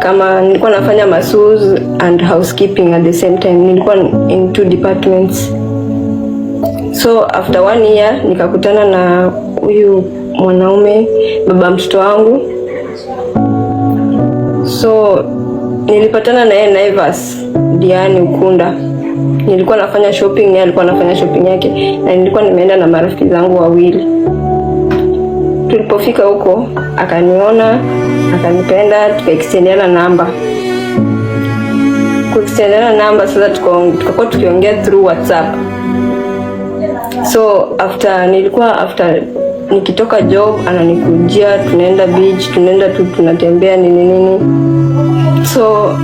kama nilikuwa nafanya masuz and housekeeping at the same time, nilikuwa in two departments. So after one year nikakutana na huyu mwanaume baba mtoto wangu, so nilipatana na yeye Naivas, Diani Ukunda. Nilikuwa nafanya shopping, yeye alikuwa anafanya shopping yake, na nilikuwa nimeenda na marafiki zangu wawili. Tulipofika huko akaniona akanipenda, tukaextendiana namba kuextendiana namba. Sasa tukakuwa tukiongea through WhatsApp. So after nilikuwa after nikitoka job ananikujia, tunaenda beach, tunaenda tu tunatembea nini nini, so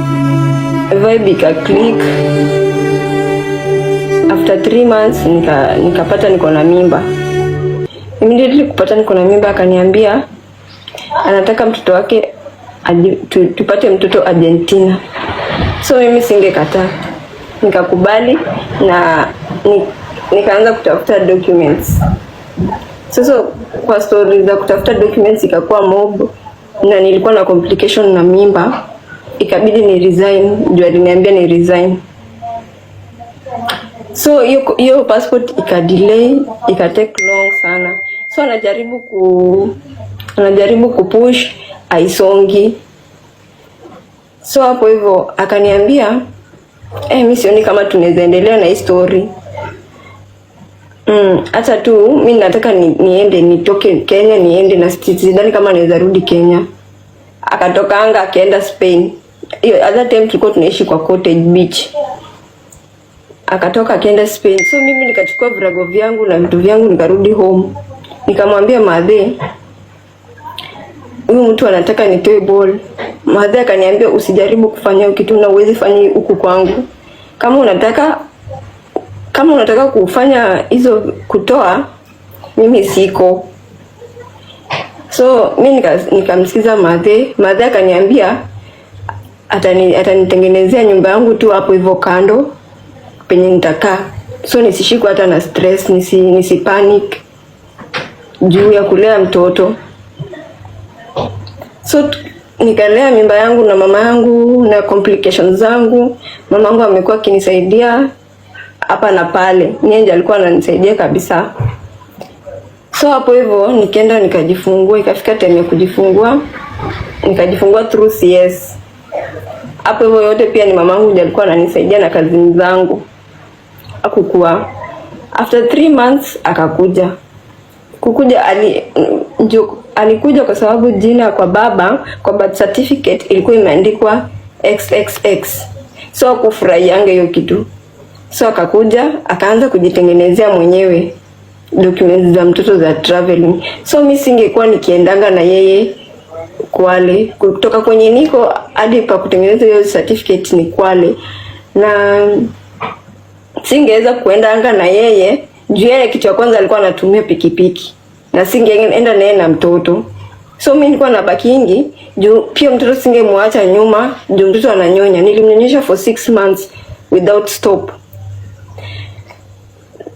vibe ika click. After 3 months nikapata nika niko na mimba immediately, kupata niko na mimba akaniambia anataka mtoto wake tupate mtoto Argentina, so mimi singekataa, nikakubali na nikaanza kutafuta documents. Sasa kwa story za kutafuta documents ikakuwa mob, na nilikuwa na complication na mimba, ikabidi ni resign juu aliniambia ni resign. So hiyo passport ikadelay, ikatake long sana, so anajaribu ku anajaribu kupush aisongi. So hapo hivyo akaniambia eh, mimi sioni kama tunaweza endelea na hii story mm, hata mm, tu mi nataka ni, niende nitoke Kenya niende na sidhani kama naweza rudi Kenya. Akatoka anga akaenda Spain. Hiyo other time tulikuwa tunaishi kwa cottage beach, akatoka akaenda Spain. So mimi nikachukua virago vyangu na vitu vyangu nikarudi home, nikamwambia madhe huyu mtu anataka nitoe ball. Madhe akaniambia usijaribu kufanya kitu na uwezi fanya huku kwangu. Kama unataka kama unataka kufanya hizo kutoa, mimi siko. So mimi nikamsikiza madhe. Madhe akaniambia atani atanitengenezea nyumba yangu tu hapo hivyo kando penye nitakaa, so nisishikwe hata na stress, nisi, nisi panic juu ya kulea mtoto so nikalea mimba yangu na mama yangu na complications zangu. Mama yangu amekuwa akinisaidia hapa na pale, yeye alikuwa ananisaidia kabisa. So hapo hivyo nikaenda nikajifungua, ikafika time ya kujifungua nikajifungua through CS. Hapo hivyo yote pia ni mamangu ndiye alikuwa ananisaidia na kazi zangu. Akukua after 3 months akakuja kukuja ali njoo alikuja kwa sababu jina kwa baba kwa birth certificate ilikuwa imeandikwa XXX, so akufurahianga hiyo kitu, so akakuja akaanza kujitengenezea mwenyewe documents za mtoto za traveling. So mimi singekuwa nikiendanga na yeye Kwale, kutoka kwenye niko hadi pa kutengeneza hiyo certificate ni Kwale, na singeweza kuendanga na yeye juu yeye, kitu ya kwanza alikuwa anatumia pikipiki piki na singeenda naye na mtoto. So mimi nilikuwa na nabakingi juu pia mtoto singemwacha nyuma juu mtoto ananyonya. Nilimnyonyesha for 6 months without stop.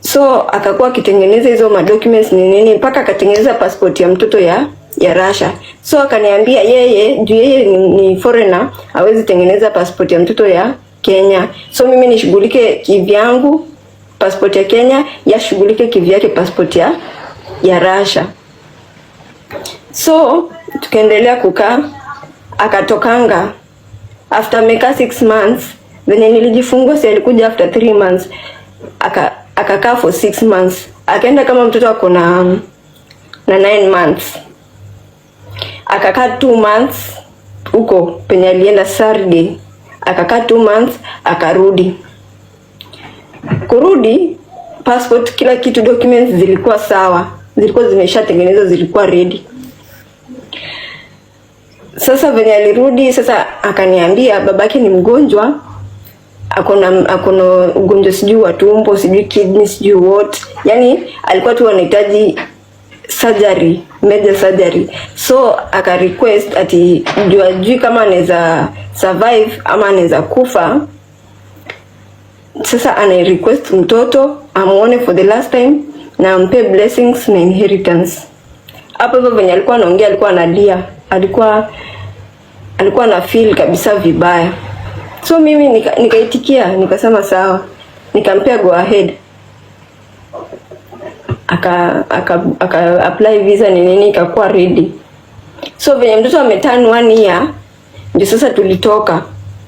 So akakuwa akitengeneza hizo ma documents ni nini mpaka akatengeneza passport ya mtoto ya ya Russia. So akaniambia yeye juu yeye ni foreigner hawezi tengeneza passport ya mtoto ya Kenya. So mimi nishughulike kivyangu passport ya Kenya, yashughulike kivyake passport ya ya Russia. So tukaendelea kukaa, akatokanga after meka 6 months venye nilijifungua, si alikuja after 3 months, akakaa for 6 months, akaenda kama mtoto ako na na 9 months, akakaa 2 months huko penye alienda Sardi, akakaa 2 months, akarudi. Kurudi passport, kila kitu, documents zilikuwa sawa zilikuwa zimeshatengenezwa, zilikuwa ready. Sasa venye alirudi sasa, akaniambia babake ni mgonjwa, akona akona ugonjwa sijui wa tumbo sijui kidney sijui what, yani alikuwa tu anahitaji surgery, major surgery. So aka request ati jua jui kama anaweza survive ama anaweza kufa. Sasa ana request mtoto amuone for the last time na mpe blessings na inheritance. Hapo hapo venye alikuwa anaongea, alikuwa analia, alikuwa alikuwa na feel kabisa vibaya. So mimi nikaitikia, nika, nikasema sawa, nikampea go ahead aka aka, aka apply visa ni nini, ikakuwa ready. So venye mtoto ameturn one year ndio sasa tulitoka,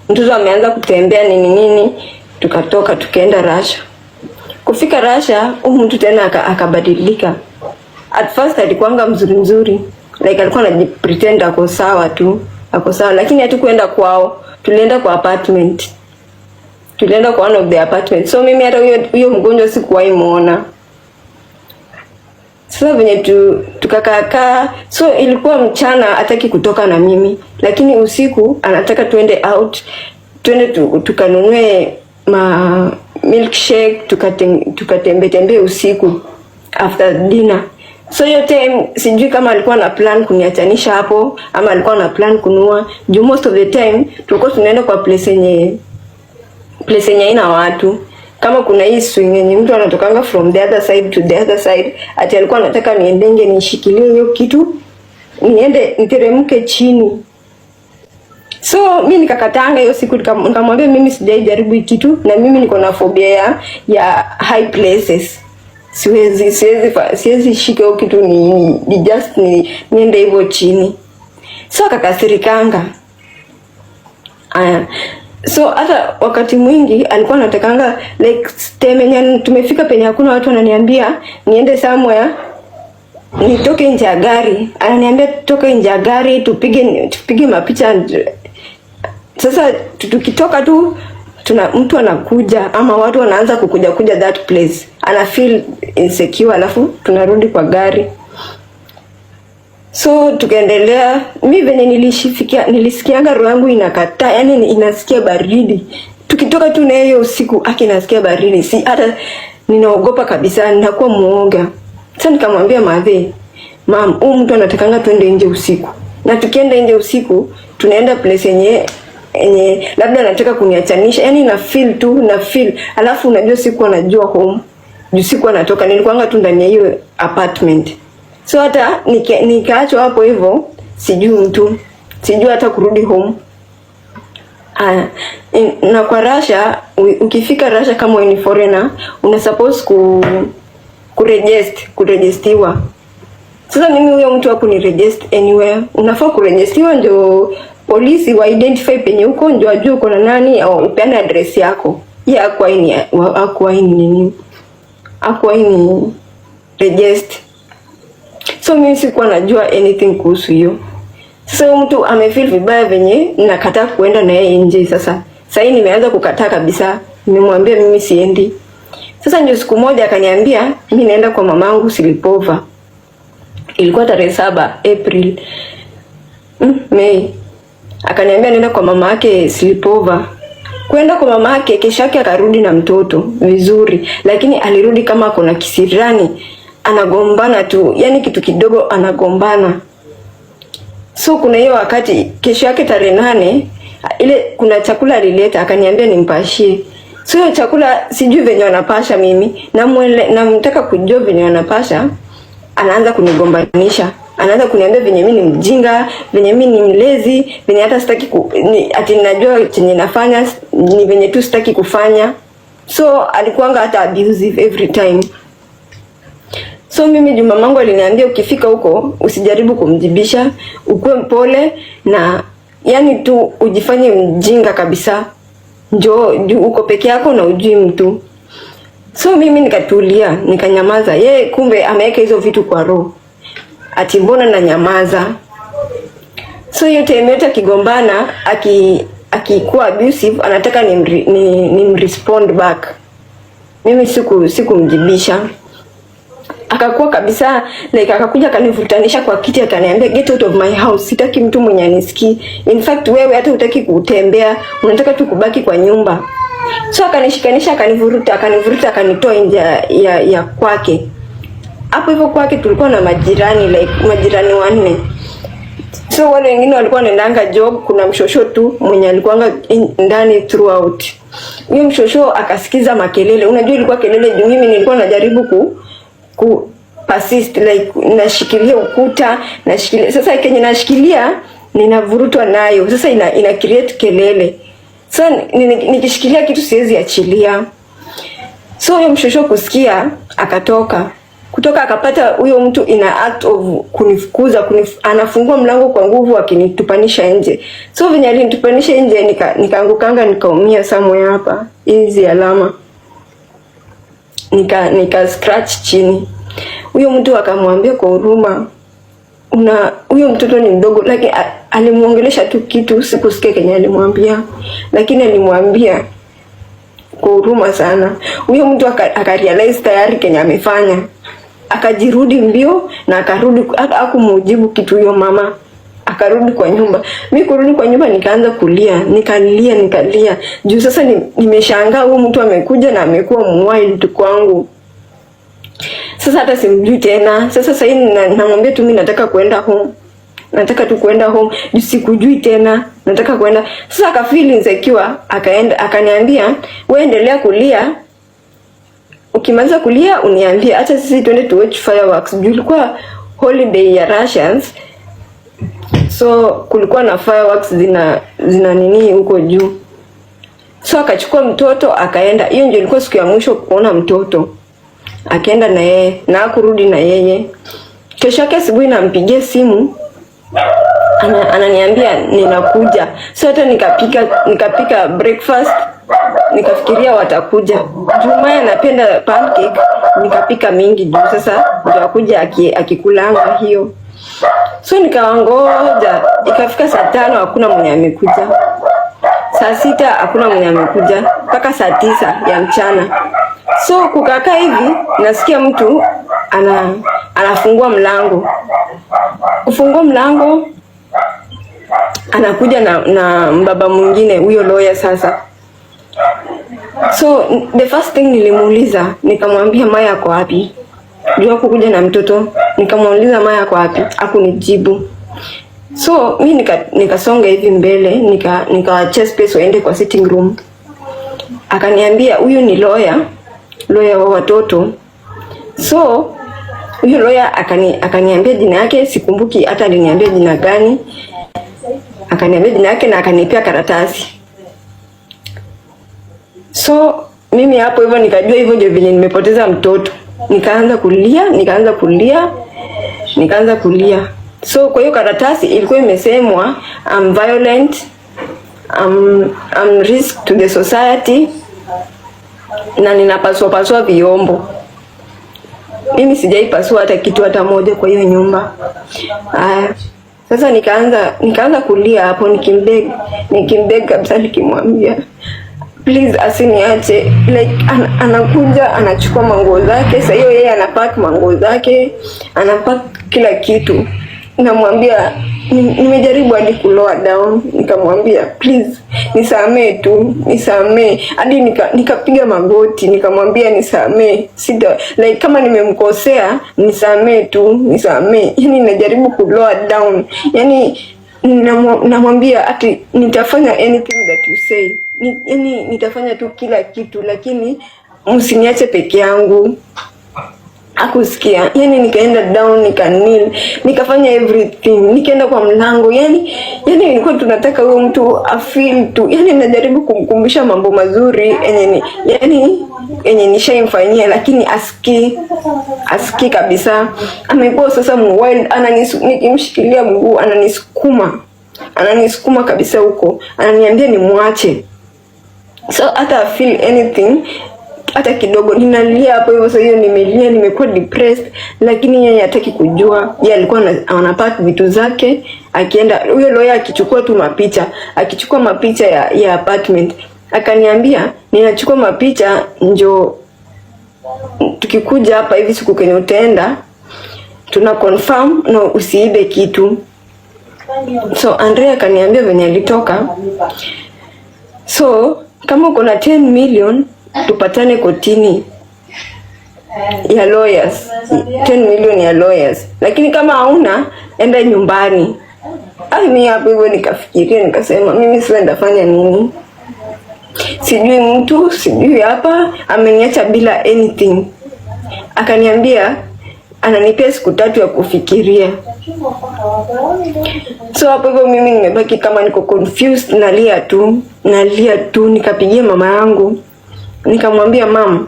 mtoto ameanza kutembea nini nini, tukatoka tukaenda Russia. Kufika Russia huyu mtu tena akabadilika. At first alikuanga mzuri mzuri, like alikuwa anajipretend ako sawa tu, ako sawa lakini hatu kuenda kwao, tulienda kwa apartment, tulienda kwa one of the apartment. So mimi hata huyo huyo mgonjwa sikuwahi muona. Sasa venye tu, tukakaakaa so ilikuwa mchana hataki kutoka na mimi, lakini usiku anataka tuende out, tuende tu, tukanunue ma milkshake, tukatembe tembe usiku after dinner. So hiyo time sijui kama alikuwa na plan kuniachanisha hapo ama alikuwa na plan kunua, juu most of the time tulikuwa tunaenda kwa place yenye place yenye haina watu kama kuna hii swing yenye mtu anatokanga from the other side to the other side, ati alikuwa anataka niendenge nishikilie hiyo kitu niende niteremke chini So mi nikakatanga hiyo siku, nikamwambia mimi sijai jaribu hii kitu, na mimi niko na phobia ya, ya high places siwezi siwezi siwezi shika hiyo kitu ni, ni just ni, niende hivyo chini. So akakasirikanga. Aya. So hata wakati mwingi alikuwa anatakanga like temenya, tumefika penye hakuna watu, ananiambia niende somewhere nitoke nje ya gari, ananiambia toke nje ya gari tupige tupige mapicha sasa tukitoka tu tuna mtu anakuja ama watu wanaanza kukuja kuja that place, ana feel insecure, alafu tunarudi kwa gari. So tukaendelea, mi venye nilishifikia, nilisikianga roho yangu inakataa, yani inasikia baridi. Tukitoka tu na hiyo usiku aki nasikia baridi, si hata ninaogopa kabisa, ninakuwa muoga. Sasa nikamwambia madhe, mam, huyu mtu anatakanga twende nje usiku, na tukienda nje usiku tunaenda place yenye enye eh, labda anataka kuniachanisha, yani na feel tu na feel. Alafu unajua sikuwa najua home juu sikuwa natoka, nilikuanga tu ndani ya hiyo apartment, so hata nikaachwa nika, hapo hivyo, sijui mtu, sijui hata kurudi home. Ah, na kwa Russia ukifika Russia kama wewe ni foreigner una suppose ku kurejest kurejistiwa. Sasa mimi huyo mtu hakunirejest anywhere, unafaa kurejestiwa ndio polisi wa identify penye huko ndio ajue uko na nani, au upeane address yako. ya kwa ini akwa ini nini akwa ini register. So mimi sikuwa najua anything kuhusu hiyo. Sasa so, mtu amefeel vibaya venye nakataa kuenda na yeye nje. Sasa sasa hii nimeanza kukataa kabisa, nimemwambia mimi siendi. Sasa ndio siku moja akaniambia mimi naenda kwa mamangu Silipova. Ilikuwa tarehe saba April. Mm, Mei akaniambia nenda kwa mama yake Slipova. kwenda kwa mama yake. Kesho yake akarudi na mtoto vizuri, lakini alirudi kama kuna kisirani, anagombana tu, yani kitu kidogo anagombana. So kuna hiyo wakati, kesho yake tarehe nane, ile kuna chakula alileta, akaniambia nimpashie. So hiyo chakula sijui venye wanapasha, mimi namtaka kujua venye wanapasha, anaanza kunigombanisha anaanza kuniambia venye mimi ni mjinga, venye mimi ni mlezi, venye hata sitaki ku, ni, ati najua chenye nafanya ni venye tu sitaki kufanya. So alikuanga hata abusive every time. So mimi Juma mangu aliniambia ukifika huko usijaribu kumjibisha, ukuwe mpole na yani tu ujifanye mjinga kabisa. Njoo uko peke yako na ujui mtu. So mimi nikatulia, nikanyamaza. Yeye kumbe ameweka hizo vitu kwa roho ati mbona na nyamaza. So hiyo time yote akigombana, akikuwa abusive, anataka ni, ni, ni back. Mimi siku sikumjibisha, akakuwa kabisa like, akakuja akanivutanisha kwa kiti, akaniambia get out of my house, sitaki mtu mwenye anisikii. In fact wewe hata utaki kutembea, unataka tu kubaki kwa nyumba. So akanishikanisha, akanivuruta, akanivuruta, akanitoa nje ya, ya, ya kwake hapo hivyo kwake tulikuwa na majirani like majirani wanne. So wale wengine walikuwa wanaendanga job. Kuna mshosho tu mwenye alikuanga ndani throughout. Huyo mshosho akasikiza makelele, unajua ilikuwa kelele juu mimi nilikuwa najaribu ku, ku persist like nashikilia ukuta nashikilia, sasa kenye nashikilia ninavurutwa nayo, sasa ina, ina create kelele. so nikishikilia kitu siwezi achilia, so huyo mshosho kusikia akatoka kutoka akapata huyo mtu ina act of kunifukuza kunif, anafungua mlango kwa nguvu akinitupanisha nje. So venye alinitupanisha nje nika nikaangukanga nikaumia samwe hapa hizi alama nika nika scratch chini. Huyo mtu akamwambia kwa huruma, una huyo mtoto ni mdogo, lakini alimuongelesha tu kitu, sikusikia kenye alimwambia, lakini alimwambia kwa huruma sana. Huyo mtu akarealize aka tayari kenye amefanya akajirudi mbio na akarudi, hakumujibu kitu hiyo mama akarudi kwa nyumba. Mi kurudi kwa nyumba nikaanza kulia, nikalia nikalia juu sasa nimeshangaa, huyu mtu amekuja na amekuwa mwild kwangu, sasa hata simjui tena. Sasa sasa hivi namwambia tu mimi nataka kwenda home, nataka tu kwenda home juu sikujui tena, nataka kwenda. Sasa akafeel insecure, akaenda akaniambia, wewe endelea kulia ukimaliza kulia uniambie, acha sisi twende to watch fireworks. Juu ilikuwa holiday ya Russians, so kulikuwa na fireworks zina zina nini huko juu. So akachukua mtoto akaenda. Hiyo ndio ilikuwa siku ya mwisho kuona mtoto, akaenda na yeye na akurudi na yeye. Kesho yake asubuhi nampigia simu ananiambia ana ninakuja. So hata nikapika nikapika breakfast nikafikiria watakuja Juma anapenda pancake, nikapika mingi juu sasa ndio akuja akikulanga hiyo. So nikawangoja, ikafika saa tano hakuna mwenye amekuja, saa sita hakuna mwenye amekuja mpaka saa tisa ya mchana. So kukakaa hivi nasikia mtu ana, anafungua mlango, kufungua mlango anakuja na, na mbaba mwingine huyo loya sasa So the first thing nilimuuliza, nikamwambia Maya ako wapi? Juu kukuja na mtoto, nikamuuliza Maya ako wapi? Hakunijibu. So mi nikasonga hivi mbele nika nika nikawachia space waende kwa sitting room. Akaniambia huyu ni lawyer, lawyer wa watoto. So huyu lawyer akani akaniambia jina yake, sikumbuki hata aliniambia jina gani. Akaniambia jina yake na akanipea karatasi. So mimi hapo hivyo nikajua hivyo ndio vile nimepoteza mtoto, nikaanza kulia, nikaanza kulia, nikaanza kulia. So kwa hiyo karatasi ilikuwa imesemwa I'm violent, I'm, I'm risk to the society na ninapasua pasua viombo. Mimi sijaipasua hata kitu hata moja kwa hiyo nyumba. Aya. Sasa nikaanza nikaanza kulia hapo nikimbeg nikimbeg kabisa nikimwambia please asiniache like an, anakuja anachukua manguo zake. Sasa hiyo yeye anapack manguo zake, anapack kila kitu. Namwambia nimejaribu hadi kuloa down, nikamwambia please nisamee tu, nisamee hadi nikapiga nika magoti, nikamwambia nisamee, sita like kama nimemkosea nisamee tu, nisamee. Yani najaribu kuloa down, yani namwambia ati nitafanya anything that you say yani nitafanya tu kila kitu, lakini msiniache peke yangu. Akusikia yani, nikaenda down nika nikanil, nikafanya everything, nikaenda kwa mlango yani, yani nilikuwa tunataka huyo mtu afeel tu yani, najaribu kumkumbusha mambo mazuri yenye ni yani enye nishaimfanyia, lakini asikii, asikii kabisa. Amekuwa sasa mwild, ananis nikimshikilia mguu ananisukuma, ananisukuma kabisa huko, ananiambia nimwache so hata feel anything hata kidogo ninalia hapo hivyo. Sasa hiyo nimelia, nimekuwa depressed, lakini yeye hataki kujua. Yeye alikuwa anapack vitu zake akienda, huyo lawyer akichukua tu mapicha, akichukua mapicha ya, ya apartment. Akaniambia ninachukua mapicha njo tukikuja hapa hivi siku kwenye utaenda tuna confirm na no, usiibe kitu. So Andrea akaniambia venye alitoka so kama uko na 10 million tupatane kotini ya lawyers, 10 million ya lawyers. Lakini kama hauna enda nyumbani. Ai, mi hapo hivyo nikafikiria nikasema, mimi sasa ndafanya nini? Sijui mtu sijui hapa, ameniacha bila anything. Akaniambia ananipea siku tatu ya kufikiria. So hapo hivyo mimi nimebaki kama niko confused, nalia tu nalia tu. Nikapigia mama yangu nikamwambia, mama,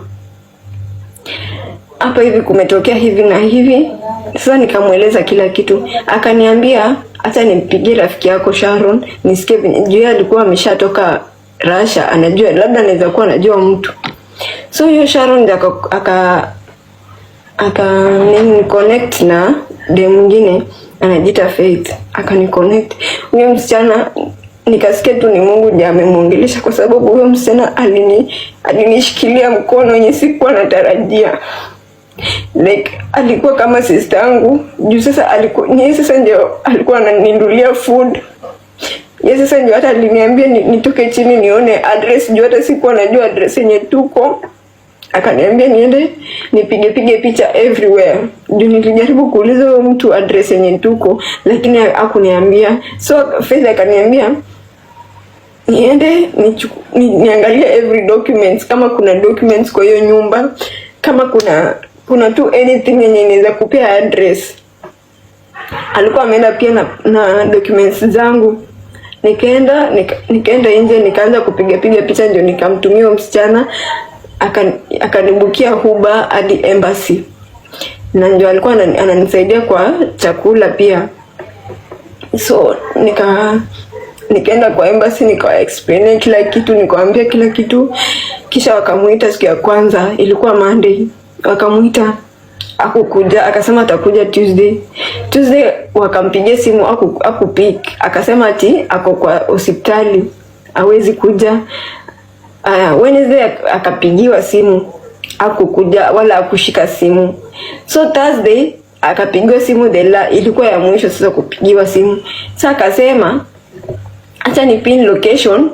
hapa hivi kumetokea hivi na hivi. Sasa nikamweleza kila kitu, akaniambia hata nimpigie rafiki yako Sharon nisikie juu, alikuwa ameshatoka Russia, anajua labda anaweza kuwa anajua mtu. So hiyo Sharon aka aka nini connect na de mwingine anajita Faith, akani connect huyo msichana nikasikia tu ni Mungu ndiye amemwongelesha, kwa sababu huyo msichana alini alinishikilia mkono yenye sikuwa natarajia. Like alikuwa kama sister yangu juu. Sasa alikuwa yeye, sasa ndio alikuwa ananindulia food yeye, sasa ndio hata aliniambia nitoke chini nione address juu hata sikuwa najua address yenye tuko akaniambia niende nipige pige picha everywhere. Ndio nilijaribu kuuliza huyo mtu address yenye tuko, lakini hakuniambia. So fedha akaniambia niende ni, niangalie every documents, kama kuna documents kwa hiyo nyumba, kama kuna kuna tu anything yenye inaweza kupea address. Alikuwa ameenda pia na, na documents zangu nikaenda nika, nikaenda nje nikaanza kupiga piga picha, ndio nikamtumia msichana akanibukia Huba hadi embassy, na ndio alikuwa ananisaidia kwa chakula pia. So nika nikaenda kwa embassy, nikawa explain kila kitu, nikawaambia kila kitu. Kisha wakamuita siku ya kwanza, ilikuwa Monday, wakamuita akukuja, akasema atakuja Tuesday. Tuesday wakampigia simu, aku, aku pick akasema ati ako kwa hospitali, awezi kuja. Aya, Wednesday akapigiwa simu akukuja wala akushika simu, so Thursday akapigiwa simu dela, ilikuwa ya mwisho sasa kupigiwa simu. Sasa akasema acha ni pin location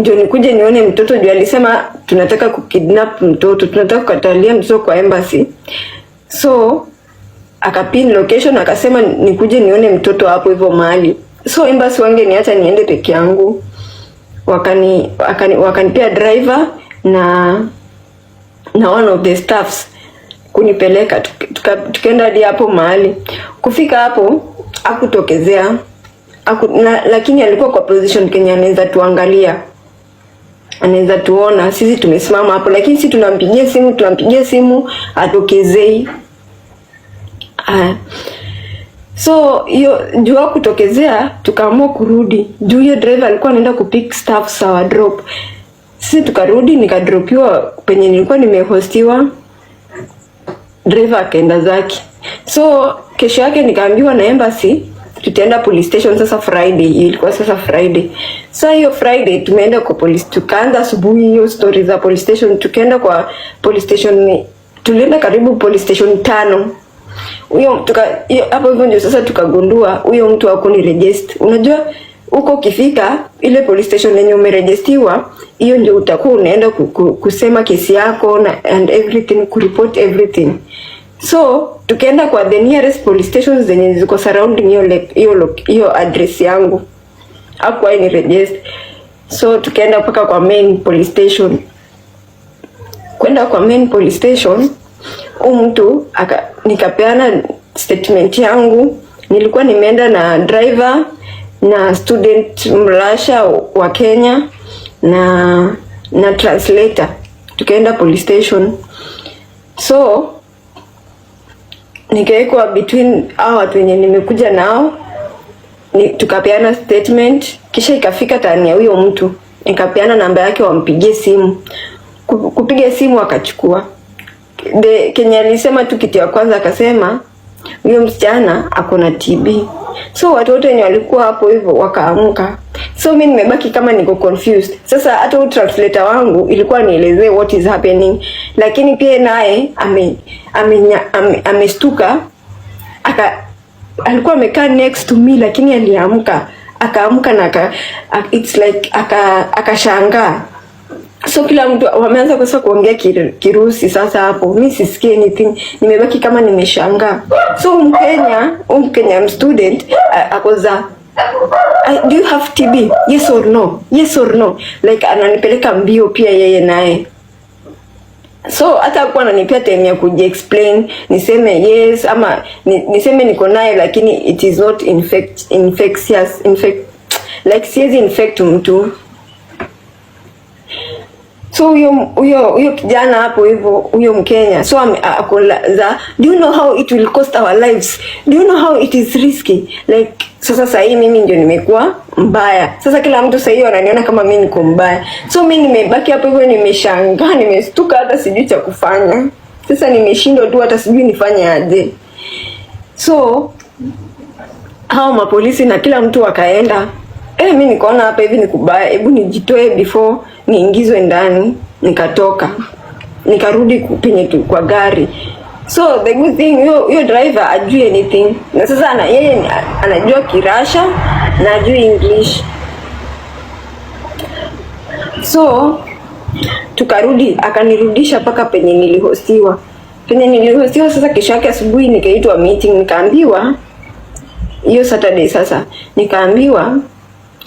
ndio nikuje nione mtoto juu alisema tunataka kukidnap mtoto, tunataka kukatalia mtoto kwa embassy. So akapin location akasema nikuje nione mtoto hapo hivyo mahali. So embassy wange niacha niende peke yangu wakani wakanipea wakani driver na na one of the staffs kunipeleka tukaenda hadi hapo mahali. Kufika hapo akutokezea aku, na, lakini alikuwa kwa position Kenya anaweza tuangalia, anaweza tuona sisi tumesimama hapo, lakini sisi tunampigia simu tunampigia simu atokezei. So hiyo jua kutokezea, tukaamua kurudi juu hiyo driver alikuwa anaenda kupick staff sawa drop. Sisi tukarudi nikadropiwa penye nilikuwa nimehostiwa, driver akaenda zake. So kesho yake nikaambiwa na embassy tutaenda police station sasa Friday. Ilikuwa sasa Friday. Sasa so, hiyo Friday tumeenda kwa police, tukaanza asubuhi hiyo story za police station, tukaenda kwa police station, tulienda karibu police station tano huyo tuka hapo hivyo ndio sasa tukagundua huyo mtu register Unajua huko ukifika ile police station yenye umerejestiwa, hiyo ndio utakuwa unaenda kusema kesi yako na and everything, ku report everything. So tukaenda kwa the nearest police stations zenye ziko surrounding hiyo hiyo hiyo address yangu, hakuwa ni register. So tukaenda mpaka kwa main police station, kwenda kwa main police station huu mtu nikapeana statement yangu. Nilikuwa nimeenda na driver na student mrasha wa Kenya na na translator, tukaenda police station, so nikawekwa between hao watu wenye nimekuja nao ni, tukapeana statement, kisha ikafika tani ya huyo mtu, nikapeana namba yake wampigie simu, kupiga simu akachukua Kenya alisema tu kitu ya kwanza, akasema huyo msichana ako na TB. So watu wote wenye walikuwa hapo hivyo wakaamka. So mimi nimebaki kama niko confused. Sasa hata translator wangu ilikuwa nielezee what is happening, lakini pia naye ame amestuka ame, aka alikuwa amekaa next to me, lakini aliamka akaamka na aka, it's like akashangaa So kila mtu wameanza kusa kuongea Kirusi. Sasa hapo mi sisikie anything, nimebaki kama nimeshangaa. So Mkenya, um Mkenya, um student akoza do you have TB? Yes or no? Yes or no? Like ananipeleka mbio pia yeye naye so hata kuwa ananipea time ya kuji explain niseme yes ama niseme niko naye, lakini it is not infect, infectious infect, like siwezi infect mtu So huyo huyo huyo kijana hapo hivyo, huyo Mkenya so akolaza. Do you know how it will cost our lives? Do you know how it is risky like so Sasa hii mimi ndio nimekuwa mbaya sasa, kila mtu sasa hivi ananiona kama mimi niko mbaya, so mimi nimebaki hapo hivyo, nimeshangaa, nimestuka, hata sijui cha kufanya. Sasa nimeshindwa tu, hata sijui nifanye aje. So hao mapolisi na kila mtu akaenda eh, mimi nikaona hapa hivi nikubaya, hebu nijitoe before niingizwe ndani. Nikatoka nikarudi penye tu kwa gari. So the good thing yo yo driver ajui anything, na sasa ana yeye anajua kirasha na ajui English, so tukarudi, akanirudisha mpaka penye nilihostiwa penye nilihostiwa. Sasa kesho yake asubuhi nikaitwa meeting, nikaambiwa hiyo Saturday. Sasa nikaambiwa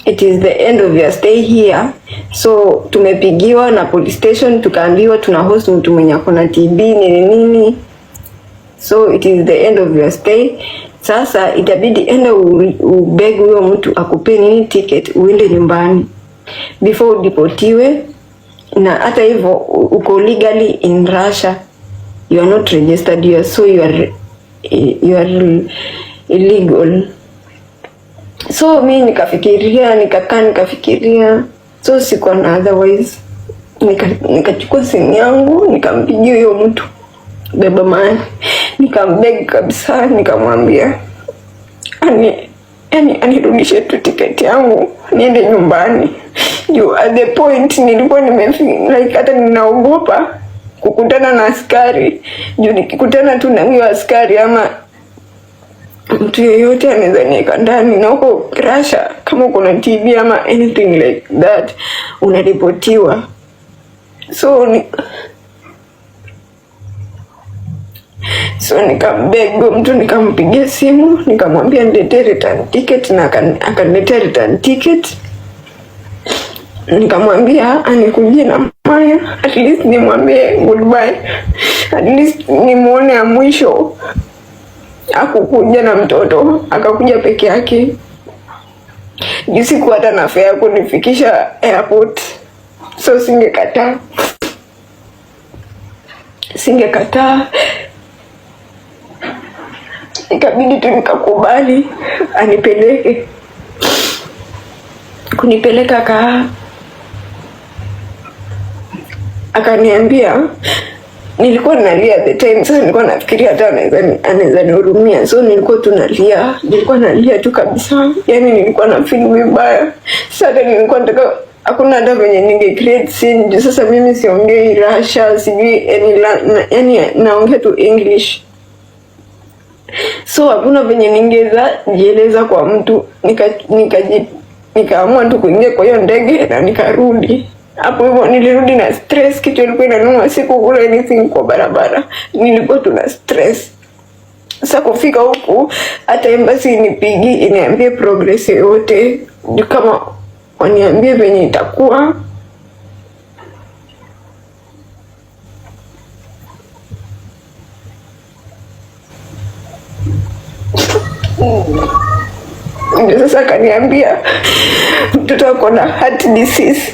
it is the end of your stay here. So tumepigiwa na police station, tukaambiwa tuna host mtu mwenye akona TB nini nini, so it is the end of your stay. Sasa itabidi enda ubeg huyo mtu akupe nini ticket uende nyumbani before udipotiwe na hata hivyo uko legally in Russia, you are not registered here, so you are, eh, you are illegal so mi nikafikiria, nikakaa nikafikiria, so siko na otherwise, nikachukua nika simu yangu nikampigia huyo mtu beba mani, nikambeg kabisa, nikamwambia ani yani anirudishe tu tiketi yangu niende nyumbani juu at the point nilikuwa nimefika like, hata ninaogopa kukutana na askari juu nikikutana tu na huyo askari ama mtu yeyote anaweza ndani na uko krasha, kama uko na TB ama anything like that unaripotiwa. So ni so nikabego mtu nikampigia simu nikamwambia niletee return ticket, na akaniletea return ticket. Nikamwambia anikujie na Maya, at least nimwambie goodbye, at least nimwone ya mwisho akukuja na mtoto, akakuja peke yake. Juu sikuwa hata na fare ya kunifikisha airport, so singekataa, singekataa. Ikabidi tu nikakubali anipeleke. Kunipeleka kaa, akaniambia nilikuwa nalia the time. so nilikuwa nafikiria hata anaweza nihurumia, so nilikuwa tu nalia, nilikuwa nalia tu kabisa, yani nilikuwa na feel vibaya. Sasa nilikuwa nataka hakuna hata venye ninge create scene juu sasa mimi siongei Russia, sijui yani naongea tu English, so hakuna venye ningeza jieleza kwa mtu, nikaamua nika, nika tu kuingia kwa hiyo ndege na nikarudi. Hapo hivyo nilirudi na stress, kichwa ilikuwa inanuma, sikukula anything kwa barabara, nilikuwa tuna stress. Sasa kufika huku, hata embassy inipigi iniambie progress yoyote, kama waniambie venye itakuwa Ndio sasa kaniambia mtoto ako na heart disease.